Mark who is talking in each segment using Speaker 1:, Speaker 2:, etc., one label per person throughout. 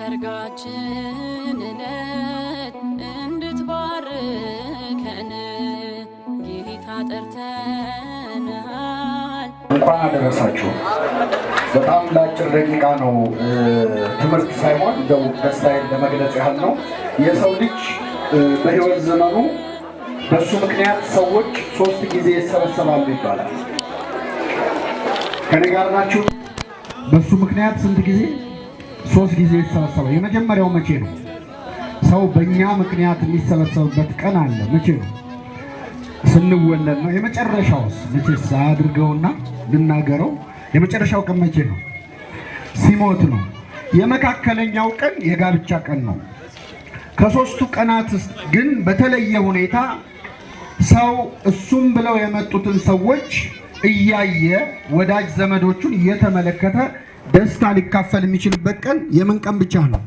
Speaker 1: የሰርጋችን ዕለት እንድትባርከን ጌታ ጠርተናል። እንኳን አደረሳችሁ። በጣም ለአጭር ደቂቃ ነው ትምህርት ሳይሆን እንደው ደስታዬን ለመግለጽ ያህል ነው። የሰው ልጅ በሕይወት ዘመኑ በእሱ ምክንያት ሰዎች ሶስት ጊዜ ይሰበሰባሉ ይባላል። ከኔ ጋር ናችሁ? በእሱ ምክንያት ስንት ጊዜ ሶስት ጊዜ ይሰበሰባል። የመጀመሪያው መቼ ነው? ሰው በእኛ ምክንያት የሚሰበሰብበት ቀን አለ። መቼ ነው? ስንወለድ ነው። የመጨረሻውስ መቼስ አድርገውና ልናገረው፣ የመጨረሻው ቀን መቼ ነው? ሲሞት ነው። የመካከለኛው ቀን የጋብቻ ቀን ነው። ከሶስቱ ቀናት ግን በተለየ ሁኔታ ሰው እሱም ብለው የመጡትን ሰዎች እያየ ወዳጅ ዘመዶቹን እየተመለከተ ደስታ ሊካፈል የሚችልበት ቀን የምን ቀን ብቻ ነው?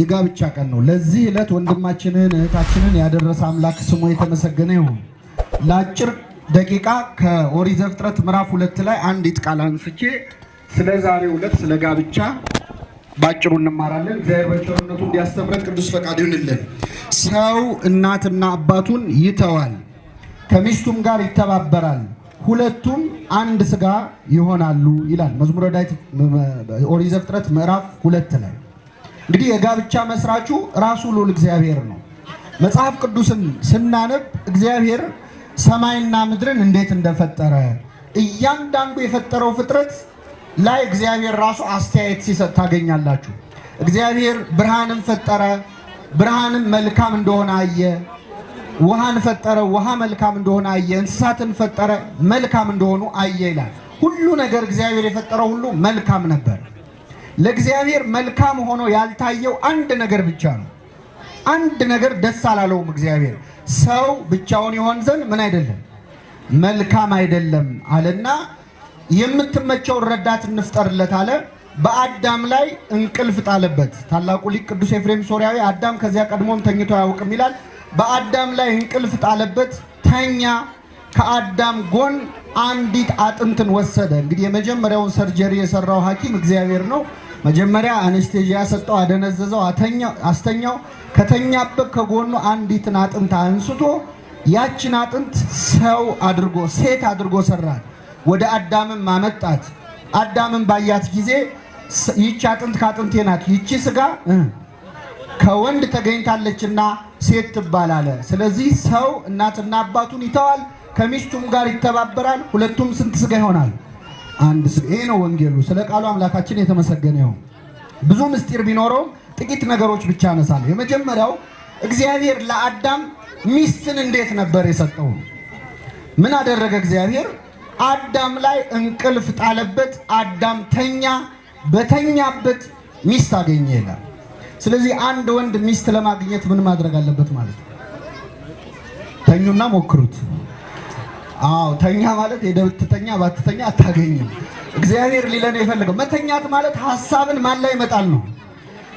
Speaker 1: የጋብቻ ቀን ነው። ለዚህ ዕለት ወንድማችንን እህታችንን ያደረሰ አምላክ ስሙ የተመሰገነ ይሁን። ለአጭር ደቂቃ ከኦሪት ዘፍጥረት ምዕራፍ ሁለት ላይ አንዲት ቃል አንስቼ ስለ ዛሬ ዕለት ስለ ጋብቻ ባጭሩ እንማራለን። እግዚአብሔር በቸርነቱ እንዲያስተምረን ቅዱስ ፈቃድ ይሁንልን። ሰው እናትና አባቱን ይተዋል፣ ከሚስቱም ጋር ይተባበራል ሁለቱም አንድ ስጋ ይሆናሉ ይላል መዝሙረ ዳዊት ኦሪት ዘፍጥረት ምዕራፍ ሁለት ላይ። እንግዲህ የጋብቻ መስራቹ ራሱ ልዑል እግዚአብሔር ነው። መጽሐፍ ቅዱስን ስናነብ እግዚአብሔር ሰማይና ምድርን እንዴት እንደፈጠረ እያንዳንዱ የፈጠረው ፍጥረት ላይ እግዚአብሔር ራሱ አስተያየት ሲሰጥ ታገኛላችሁ። እግዚአብሔር ብርሃንን ፈጠረ፣ ብርሃንም መልካም እንደሆነ አየ ውሃን ፈጠረ፣ ውሃ መልካም እንደሆነ አየ። እንስሳትን ፈጠረ፣ መልካም እንደሆኑ አየ ይላል። ሁሉ ነገር እግዚአብሔር የፈጠረው ሁሉ መልካም ነበር። ለእግዚአብሔር መልካም ሆኖ ያልታየው አንድ ነገር ብቻ ነው። አንድ ነገር ደስ አላለውም እግዚአብሔር። ሰው ብቻውን ይሆን ዘንድ ምን አይደለም መልካም አይደለም አለና የምትመቸውን ረዳት እንፍጠርለት አለ። በአዳም ላይ እንቅልፍ ጣለበት። ታላቁ ሊቅ ቅዱስ ኤፍሬም ሶሪያዊ አዳም ከዚያ ቀድሞም ተኝቶ አያውቅም ይላል። በአዳም ላይ እንቅልፍ ጣለበት፣ ተኛ። ከአዳም ጎን አንዲት አጥንትን ወሰደ። እንግዲህ የመጀመሪያውን ሰርጀሪ የሰራው ሐኪም እግዚአብሔር ነው። መጀመሪያ አነስቴዥያ ሰጠው፣ አደነዘዘው፣ አስተኛው። ከተኛበት ከጎኑ አንዲትን አጥንት አንስቶ ያችን አጥንት ሰው አድርጎ ሴት አድርጎ ሰራት፣ ወደ አዳምም አመጣት። አዳምን ባያት ጊዜ ይቺ አጥንት ከአጥንቴ ናት፣ ይቺ ስጋ ከወንድ ተገኝታለችና ሴት ትባላለ። ስለዚህ ሰው እናትና አባቱን ይተዋል፣ ከሚስቱም ጋር ይተባበራል። ሁለቱም ስንት ስጋ ይሆናል? አንድ ስጋ። ይሄ ነው ወንጌሉ። ስለ ቃሉ አምላካችን የተመሰገነ ይሁን። ብዙ ምስጢር ቢኖረውም ጥቂት ነገሮች ብቻ አነሳለሁ። የመጀመሪያው እግዚአብሔር ለአዳም ሚስትን እንዴት ነበር የሰጠው? ምን አደረገ እግዚአብሔር? አዳም ላይ እንቅልፍ ጣለበት። አዳም ተኛ። በተኛበት ሚስት አገኘ ይላል። ስለዚህ አንድ ወንድ ሚስት ለማግኘት ምን ማድረግ አለበት ማለት ነው? ተኙና ሞክሩት። አዎ ተኛ ማለት የደብትተኛ ባትተኛ አታገኝም። እግዚአብሔር ሊለን የፈለገው መተኛት ማለት ሀሳብን ማን ላይ ይመጣል ነው።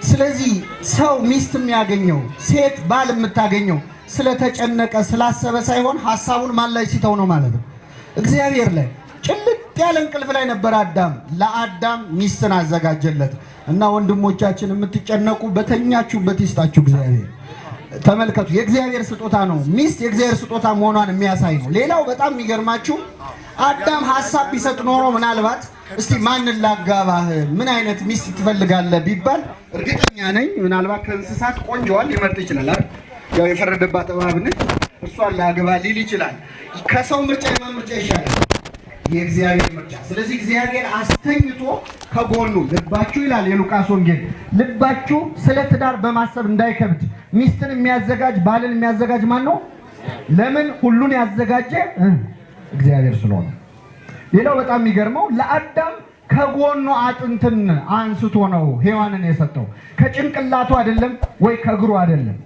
Speaker 1: ስለዚህ ሰው ሚስት የሚያገኘው ሴት ባል የምታገኘው ስለተጨነቀ ስላሰበ ሳይሆን ሀሳቡን ማን ላይ ሲተው ነው ማለት ነው። እግዚአብሔር ላይ ጭልጥ ያለ እንቅልፍ ላይ ነበር አዳም። ለአዳም ሚስትን አዘጋጀለት እና ወንድሞቻችን የምትጨነቁ በተኛችሁበት ይስጣችሁ እግዚአብሔር። ተመልከቱ፣ የእግዚአብሔር ስጦታ ነው። ሚስት የእግዚአብሔር ስጦታ መሆኗን የሚያሳይ ነው። ሌላው በጣም የሚገርማችሁ አዳም ሀሳብ ቢሰጥ ኖሮ ምናልባት እስቲ ማንን ላጋባህ፣ ምን አይነት ሚስት ትፈልጋለህ ቢባል እርግጠኛ ነኝ ምናልባት ከእንስሳት ቆንጆዋን ሊመርጥ ይችላል። ያው የፈረደባት እባብ ነች፣ እሷን ላግባ ሊል ይችላል። ከሰው ምርጫ የማን ምርጫ ይሻላል? የእግዚአብሔር ምርጫ። ስለዚህ እግዚአብሔር አስተኝቶ ከጎኑ ልባችሁ ይላል የሉቃስ ወንጌል፣ ልባችሁ ስለ ትዳር በማሰብ እንዳይከብድ። ሚስትን የሚያዘጋጅ ባልን የሚያዘጋጅ ማን ነው? ለምን ሁሉን ያዘጋጀ እግዚአብሔር ስለሆነ። ሌላው በጣም የሚገርመው ለአዳም ከጎኑ አጥንትን አንስቶ ነው ሔዋንን የሰጠው። ከጭንቅላቱ አይደለም ወይ ከእግሩ አይደለም።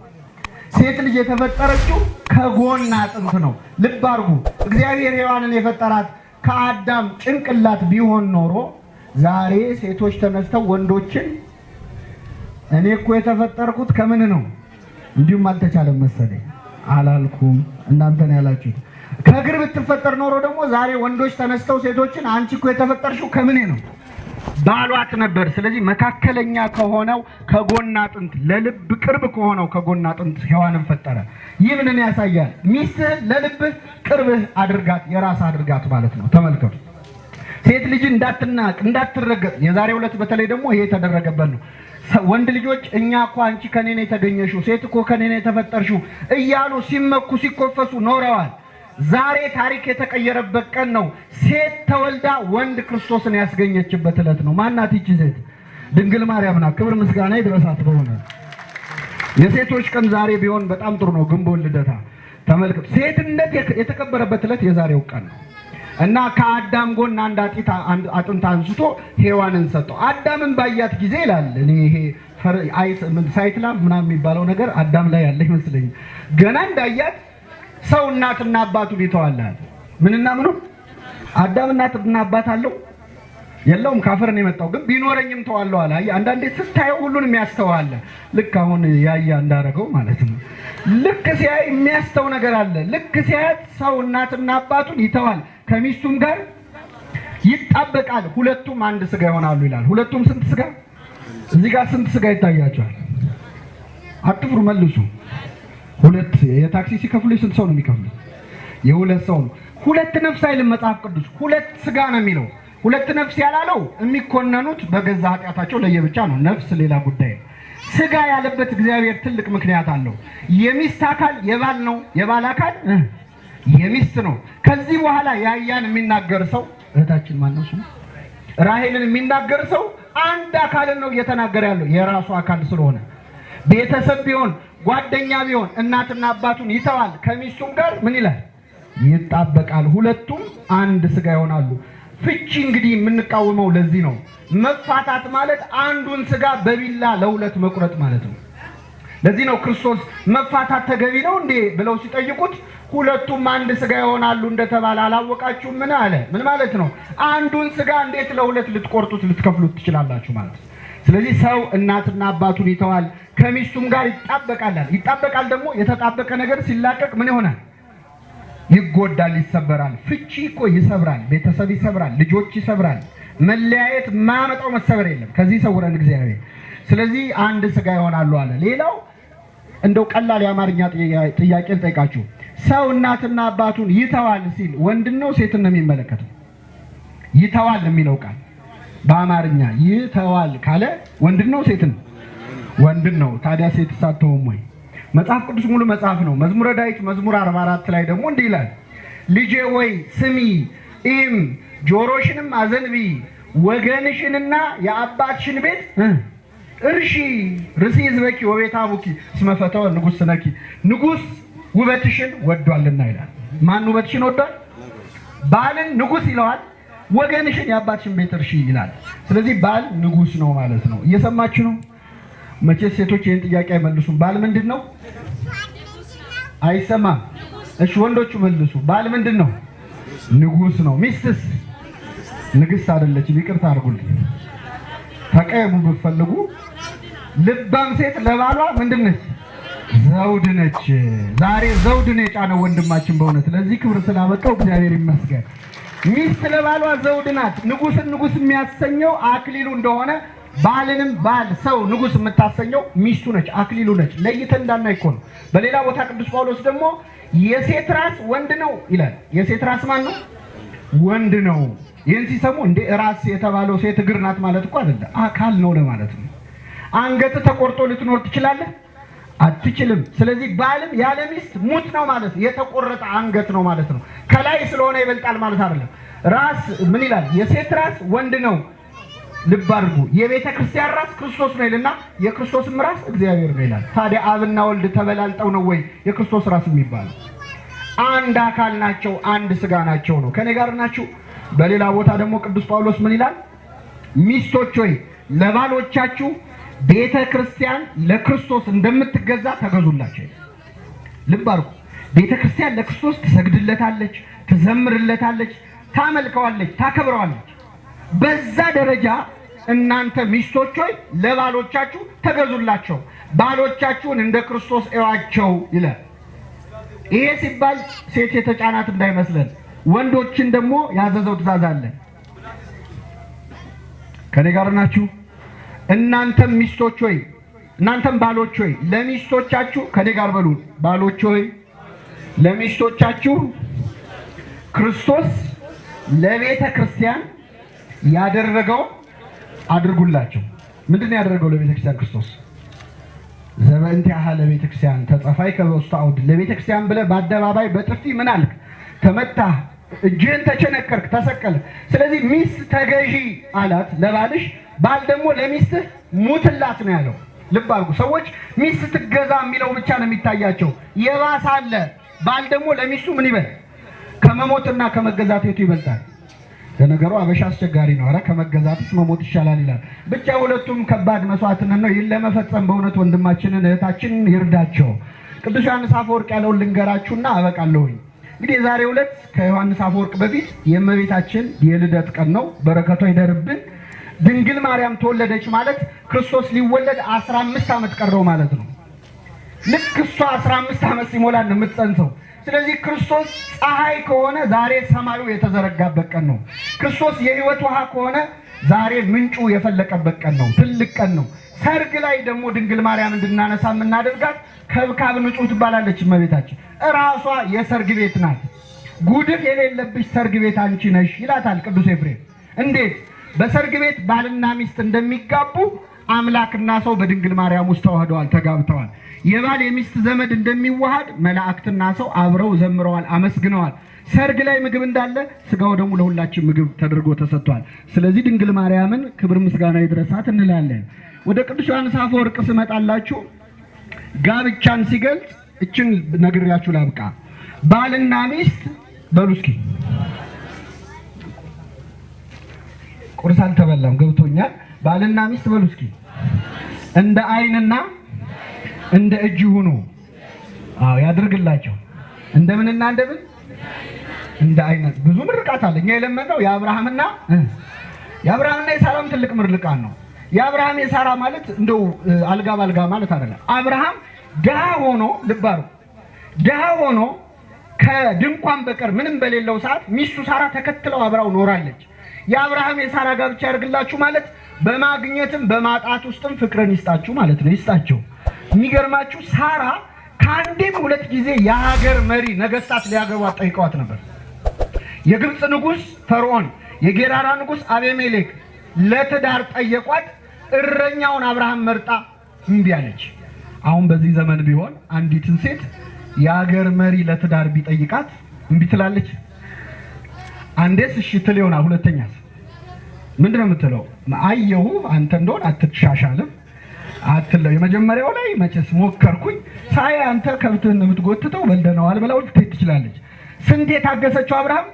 Speaker 1: ሴት ልጅ የተፈጠረችው ከጎን አጥንት ነው። ልብ አድርጉ። እግዚአብሔር ሔዋንን የፈጠራት ከአዳም ጭንቅላት ቢሆን ኖሮ ዛሬ ሴቶች ተነስተው ወንዶችን እኔ እኮ የተፈጠርኩት ከምን ነው እንዲሁም አልተቻለም መሰለኝ አላልኩም። እናንተ ነው ያላችሁት። ከእግር ብትፈጠር ኖሮ ደግሞ ዛሬ ወንዶች ተነስተው ሴቶችን አንቺ እኮ የተፈጠርሽው ከምኔ ነው ባሏት ነበር። ስለዚህ መካከለኛ ከሆነው ከጎን አጥንት ለልብ ቅርብ ከሆነው ከጎን አጥንት ሔዋንን ፈጠረ። ይህ ምንን ያሳያል? ሚስትህን ለልብህ ቅርብህ አድርጋት፣ የራስ አድርጋት ማለት ነው። ተመልከቱ። ሴት ልጅ እንዳትናቅ እንዳትረገጥ። የዛሬ ሁለት በተለይ ደግሞ ይሄ የተደረገበት ነው። ወንድ ልጆች እኛ እኮ አንቺ ከኔ ነው የተገኘሽው፣ ሴት እኮ ከኔ ነው የተፈጠርሽው እያሉ ሲመኩ ሲኮፈሱ ኖረዋል። ዛሬ ታሪክ የተቀየረበት ቀን ነው። ሴት ተወልዳ ወንድ ክርስቶስን ያስገኘችበት ዕለት ነው። ማናት ይቺ ሴት? ድንግል ማርያም ናት። ክብር ምስጋና ይድረሳት። በሆነ የሴቶች ቀን ዛሬ ቢሆን በጣም ጥሩ ነው። ግንቦት ልደታ ተመልከቱ። ሴትነት የተከበረበት ዕለት የዛሬው ቀን ነው እና ከአዳም ጎን አንድ አጥንት አንስቶ ሔዋንን ሰጠው። አዳምን ባያት ጊዜ ይላል እኔ ይሄ ሳይትላ ምናምን የሚባለው ነገር አዳም ላይ ያለ ይመስለኝ ገና እንዳያት ሰው እናትና አባቱን ይተዋላል። ምንና ምኑ አዳም እናትና አባት አለው የለውም። ካፈር የመጣው። ግን ቢኖረኝም ተዋለው አለ። አይ አንዳንዴ ስታየው ሁሉን የሚያስተዋል ልክ አሁን ያያ እንዳረገው ማለት ነው። ልክ ሲያይ የሚያስተው ነገር አለ። ልክ ሲያያት ሰው እናትና አባቱን ይተዋል፣ ከሚስቱም ጋር ይጣበቃል፣ ሁለቱም አንድ ስጋ ይሆናሉ ይላል። ሁለቱም ስንት ስጋ? እዚህ ጋር ስንት ስጋ ይታያቸዋል? አትፍሩ፣ መልሱ። ሁለት የታክሲ ሲከፍሉሽ ስንት ሰው ነው የሚከፍሉት? የሁለት ሰው ነው። ሁለት ነፍስ አይልም መጽሐፍ ቅዱስ፣ ሁለት ስጋ ነው የሚለው። ሁለት ነፍስ ያላለው የሚኮነኑት በገዛ ኃጢአታቸው ለየብቻ ነው። ነፍስ ሌላ ጉዳይ ነው። ስጋ ያለበት እግዚአብሔር ትልቅ ምክንያት አለው። የሚስት አካል የባል ነው፣ የባል አካል የሚስት ነው። ከዚህ በኋላ ያያን የሚናገር ሰው እህታችን ማነው ራሄልን የሚናገር ሰው አንድ አካልን ነው እየተናገረ ያለው የራሱ አካል ስለሆነ ቤተሰብ ቢሆን ጓደኛ ቢሆን እናትና አባቱን ይተዋል፣ ከሚስቱም ጋር ምን ይላል ይጣበቃል፣ ሁለቱም አንድ ስጋ ይሆናሉ። ፍቺ እንግዲህ የምንቃወመው ለዚህ ነው። መፋታት ማለት አንዱን ስጋ በቢላ ለሁለት መቁረጥ ማለት ነው። ለዚህ ነው ክርስቶስ መፋታት ተገቢ ነው እንዴ ብለው ሲጠይቁት ሁለቱም አንድ ስጋ ይሆናሉ እንደተባለ አላወቃችሁም? ምን አለ? ምን ማለት ነው? አንዱን ስጋ እንዴት ለሁለት ልትቆርጡት ልትከፍሉት ትችላላችሁ ማለት ነው። ስለዚህ ሰው እናትና አባቱን ይተዋል፣ ከሚስቱም ጋር ይጣበቃል። ይጣበቃል ደግሞ የተጣበቀ ነገር ሲላቀቅ ምን ይሆናል? ይጎዳል፣ ይሰበራል። ፍቺ እኮ ይሰብራል፣ ቤተሰብ ይሰብራል፣ ልጆች ይሰብራል። መለያየት ማመጣው መሰበር የለም። ከዚህ ሰውረን እግዚአብሔር። ስለዚህ አንድ ስጋ ይሆናሉ አለ። ሌላው እንደው ቀላል የአማርኛ ጥያቄ ልጠይቃችሁ። ሰው እናትና አባቱን ይተዋል ሲል ወንድን ነው ሴትን ነው የሚመለከተው? ይተዋል የሚለው ቃል በአማርኛ ይህ ተዋል ካለ ወንድን ነው ሴትን? ወንድን ነው። ታዲያ ሴት ሳትሆን ወይ? መጽሐፍ ቅዱስ ሙሉ መጽሐፍ ነው። መዝሙረ ዳዊት መዝሙር 44 ላይ ደግሞ እንዲህ ይላል፣ ልጄ ወይ ስሚ ኢም ጆሮሽንም አዘንቢ ወገንሽንና የአባትሽን ቤት እርሺ ርሲ ዝበኪ ወቤታ ቡኪ ስመፈተው ንጉስ ስነኪ ንጉስ ውበትሽን ወዷልና ይላል። ማን ውበትሽን ወዷል? ባልን ንጉስ ይለዋል ወገንሽን የአባትሽን ቤት እርሺ ይላል። ስለዚህ ባል ንጉስ ነው ማለት ነው። እየሰማችሁ ነው? መቼ ሴቶች ይህን ጥያቄ አይመልሱም። ባል ምንድን ነው? አይሰማም። እሺ ወንዶቹ መልሱ። ባል ምንድን ነው? ነው። ሚስትስ ንግስት አይደለችም። ይቅርታ አድርጉልኝ። ተቀየሙ ብትፈልጉ። ልባም ሴት ለባሏ ምንድን ነች? ዘውድ ነች። ዛሬ ዘውድ ነው የጫነው ወንድማችን በእውነት ለዚህ ክብር ስላበቃው እግዚአብሔር ይመስገን። ሚስት ለባሏ ዘውድ ናት። ንጉስን ንጉስ የሚያሰኘው አክሊሉ እንደሆነ ባልንም ባል ሰው ንጉስ የምታሰኘው ሚስቱ ነች፣ አክሊሉ ነች። ለይተን እንዳናይ እኮ ነው። በሌላ ቦታ ቅዱስ ጳውሎስ ደግሞ የሴት ራስ ወንድ ነው ይላል። የሴት ራስ ማን ነው? ወንድ ነው። ይህን ሲሰሙ እንደ ራስ የተባለው ሴት እግር ናት ማለት እኮ አይደለ፣ አካል ነው ለማለት ነው። አንገት ተቆርጦ ልትኖር ትችላለህ አትችልም። ስለዚህ ባልም ያለ ሚስት ሙት ነው ማለት የተቆረጠ አንገት ነው ማለት ነው። ከላይ ስለሆነ ይበልጣል ማለት አይደለም። ራስ ምን ይላል? የሴት ራስ ወንድ ነው። ልብ አድርጉ። የቤተ ክርስቲያን ራስ ክርስቶስ ነው ይልና የክርስቶስም ራስ እግዚአብሔር ነው ይላል። ታዲያ አብና ወልድ ተበላልጠው ነው ወይ የክርስቶስ ራስ የሚባለው? አንድ አካል ናቸው፣ አንድ ስጋ ናቸው ነው። ከኔ ጋር ናችሁ? በሌላ ቦታ ደግሞ ቅዱስ ጳውሎስ ምን ይላል? ሚስቶች ሆይ ለባሎቻችሁ ቤተ ክርስቲያን ለክርስቶስ እንደምትገዛ ተገዙላቸው። ልብ አድርጉ። ቤተ ክርስቲያን ለክርስቶስ ትሰግድለታለች፣ ትዘምርለታለች፣ ታመልከዋለች፣ ታከብረዋለች። በዛ ደረጃ እናንተ ሚስቶች ሆይ ለባሎቻችሁ ተገዙላቸው፣ ባሎቻችሁን እንደ ክርስቶስ እዋቸው ይላል። ይሄ ሲባል ሴት የተጫናት እንዳይመስለን። ወንዶችን ደግሞ ያዘዘው ትእዛዝ አለ። ከኔ ጋር ናችሁ? እናንተም ሚስቶች ሆይ እናንተም ባሎች ሆይ ለሚስቶቻችሁ ከኔ ጋር በሉ። ባሎች ሆይ ለሚስቶቻችሁ ክርስቶስ ለቤተ ክርስቲያን ያደረገው አድርጉላቸው። ምንድን ነው ያደረገው ለቤተ ክርስቲያን ክርስቶስ? ዘበእንቲአሃ ለቤተ ክርስቲያን ተጸፋይ ከበውስተ አውድ ለቤተ ክርስቲያን ብለህ በአደባባይ በጥፊ ምን አልክ? ተመታህ እጅህን ተቸነከርክ፣ ተሰቀለ። ስለዚህ ሚስት ተገዢ አላት ለባልሽ፣ ባል ደግሞ ለሚስትህ ሙትላት ነው ያለው። ልብ አድርጉ ሰዎች፣ ሚስት ትገዛ የሚለው ብቻ ነው የሚታያቸው። የባሰ አለ። ባል ደግሞ ለሚስቱ ምን ይበል? ከመሞትና ከመገዛት የቱ ይበልጣል? ለነገሩ አበሻ አስቸጋሪ ነው። ኧረ ከመገዛትስ መሞት ይሻላል ይላል። ብቻ ሁለቱም ከባድ መስዋዕትነት ነው። ይህን ለመፈጸም በእውነት ወንድማችንን እህታችንን ይርዳቸው። ቅዱስ ዮሐንስ አፈወርቅ ያለውን ልንገራችሁና አበቃለሁኝ። እንግዲህ የዛሬ ዕለት ከዮሐንስ አፈወርቅ በፊት የእመቤታችን የልደት ቀን ነው። በረከቷ ይደርብን። ድንግል ማርያም ተወለደች ማለት ክርስቶስ ሊወለድ 15 ዓመት ቀረው ማለት ነው። ልክ እሷ 15 ዓመት ሲሞላ ነው የምትጸንሰው። ስለዚህ ክርስቶስ ፀሐይ ከሆነ ዛሬ ሰማዩ የተዘረጋበት ቀን ነው። ክርስቶስ የህይወት ውሃ ከሆነ ዛሬ ምንጩ የፈለቀበት ቀን ነው። ትልቅ ቀን ነው። ሰርግ ላይ ደግሞ ድንግል ማርያም እንድናነሳ የምናደርጋት ከብካብ ንጹህ ትባላለች እመቤታችን። እራሷ የሰርግ ቤት ናት። ጉድፍ የሌለብሽ ሰርግ ቤት አንቺ ነሽ ይላታል ቅዱስ ኤፍሬም። እንዴት በሰርግ ቤት ባልና ሚስት እንደሚጋቡ አምላክና ሰው በድንግል ማርያም ውስጥ ተዋህደዋል፣ ተጋብተዋል። የባል የሚስት ዘመድ እንደሚዋሃድ መላእክትና ሰው አብረው ዘምረዋል፣ አመስግነዋል። ሰርግ ላይ ምግብ እንዳለ ስጋው ደግሞ ለሁላችን ምግብ ተደርጎ ተሰጥቷል። ስለዚህ ድንግል ማርያምን ክብር ምስጋና ይድረሳት እንላለን። ወደ ቅዱስ ዮሐንስ አፈወርቅ ስመጣላችሁ ጋብቻን ሲገልጽ እችን ነግሬያችሁ ላብቃ። ባልና ሚስት በሉ እስኪ ቁርስ አልተበላም ገብቶኛል። ባልና ሚስት በሉ እስኪ እንደ አይንና እንደ እጅ ሁኑ። አዎ ያድርግላቸው። እንደምንና እንደምን እንደ ዓይን ብዙ ምርቃት አለ። እኛ የለመነው የአብርሃምና የአብርሃምና የሳራም ትልቅ ምርቃት ነው። የአብርሃም የሳራ ማለት እንደው አልጋ ባልጋ ማለት አይደለም። አብርሃም ድሃ ሆኖ ልባሩ ድሃ ሆኖ ከድንኳን በቀር ምንም በሌለው ሰዓት ሚስቱ ሳራ ተከትለው አብራው ኖራለች። የአብርሃም የሳራ ጋብቻ ያድርግላችሁ ማለት በማግኘትም በማጣት ውስጥም ፍቅርን ይስጣችሁ ማለት ነው። ይስጣቸው። የሚገርማችሁ ሳራ ከአንዴም ሁለት ጊዜ የሀገር መሪ ነገስታት ሊያገቧት ጠይቀዋት ነበር። የግብፅ ንጉስ ፈርዖን፣ የጌራራ ንጉስ አቤሜሌክ ለትዳር ጠየቋት። እረኛውን አብርሃም መርጣ እምቢ አለች። አሁን በዚህ ዘመን ቢሆን አንዲትን ሴት የአገር መሪ ለትዳር ቢጠይቃት እምቢ ትላለች? አንዴስ እሺ ትል ይሆናል። ሁለተኛስ ምንድን ነው የምትለው? አየሁ አንተ እንደሆን አትሻሻልም አትለው። የመጀመሪያው ላይ መቼስ ሞከርኩኝ ሳይ አንተ ከብትህን የምትጎትተው በልደነዋል ብላው ትችላለች። ስንዴ ታገሰችው አብርሃም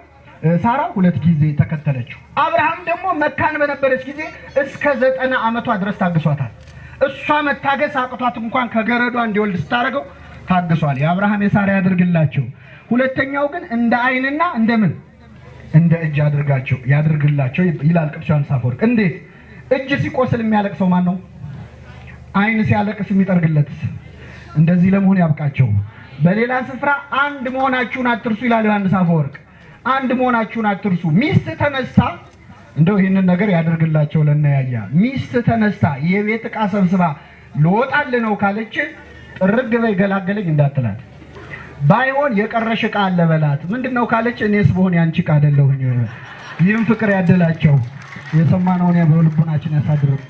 Speaker 1: ሳራ ሁለት ጊዜ ተከተለችው። አብርሃም ደግሞ መካን በነበረች ጊዜ እስከ ዘጠና ዓመቷ ድረስ ታግሷታል። እሷ መታገስ አቅቷት እንኳን ከገረዷ እንዲወልድ ስታደርገው ታግሷል። የአብርሃም የሳራ ያድርግላቸው። ሁለተኛው ግን እንደ እንደ እንደምን እንደ እጅ አድርጋቸው ያድርግላቸው ይላል ቅዱስ ዮሐንስ አፈወርቅ። እንዴት እጅ ሲቆስል የሚያለቅሰው ማን ነው? አይን ሲያለቅስ የሚጠርግለት እንደዚህ ለመሆን ያብቃቸው። በሌላ ስፍራ አንድ መሆናችሁን አትርሱ ይላል ዮሐንስ አፈወርቅ። አንድ መሆናችሁን አትርሱ። ሚስት ተነሳ፣ እንደው ይህንን ነገር ያደርግላቸው ለናያያ ሚስት ተነሳ የቤት ዕቃ ሰብስባ ልወጣል ነው ካለች ጥርግ በይ ገላገለኝ እንዳትላት። ባይሆን የቀረሽ ዕቃ አለ በላት። ምንድን ነው ካለች እኔስ በሆን ያንቺ ዕቃ አይደለሁኝ። ይህም ፍቅር ያደላቸው የሰማነውን በልቡናችን ያሳድርም።